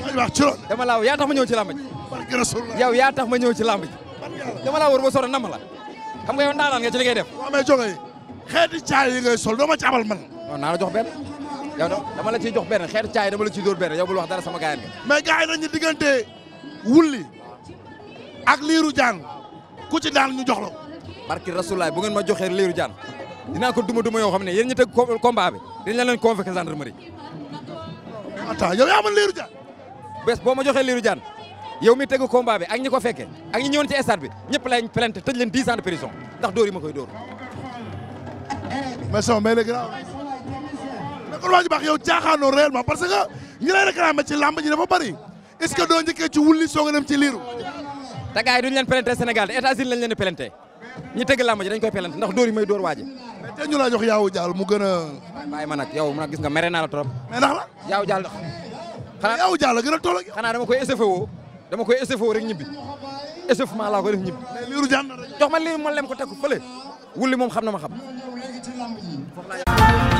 wax ci loolu laa yaa tax ma ñëw ci làmb ji yow yaa tax ma ñëw ci làmb ji dama laa wër ba soro nam la xam nga yow ndaanaan nga ci li ngay def waaw mais yi ngay sol doo ma ci abal man naa la jox benn yow dama la ciy jox benn xeeti caay dama la ciy dóor benn yow bul wax dara sama gaayan nga mais gars yi nañu diggante ak liiru jaan ku ci daan ñu jox la barki rasulaay bu ngeen ma joxee liiru jaan dinaa ko duma duma yoo xam ne yéen ñi teg combat bi dañ leen leen convoqué gendarmerie attends yow yaa man liiru jaan bés boo ma joxee Lirou Diane yow mi tegu combat ak ñi ko fekkee ak ñi ñëwoon ci stade bi ñëpp lañ plainte tëj leen 10 ans de prison ndax dóor yi ma koy dóor. mais sama mbéy la gën a nekkul waa ji baax yow jaaxaanoo réellement parce que ñi lay réclamé ci làmb ji dafa bari est-ce que doo njëkkee ci wulli soo nga dem ci Lirou. te gars yi duñ leen plainte Sénégal te États-Unis lañ leen di plainte ñi tëgg làmb ji dañ koy plainte ndax door yi may door waa ji. mais ñu laa jox yaaw jaal mu gën a. waaye ma nag yow nag gis nga mere naa la trop. mais ndax la yaawu jaal xanaa yow Diallo gën a toll ak yow. xanaa dama koy SFO dama koy SFO rek ñibbi SFO laa ko def ñibbi. mais liiru jàmm jox ma liiru ma lem ko teg ko fële wulli moom xam na ma xam.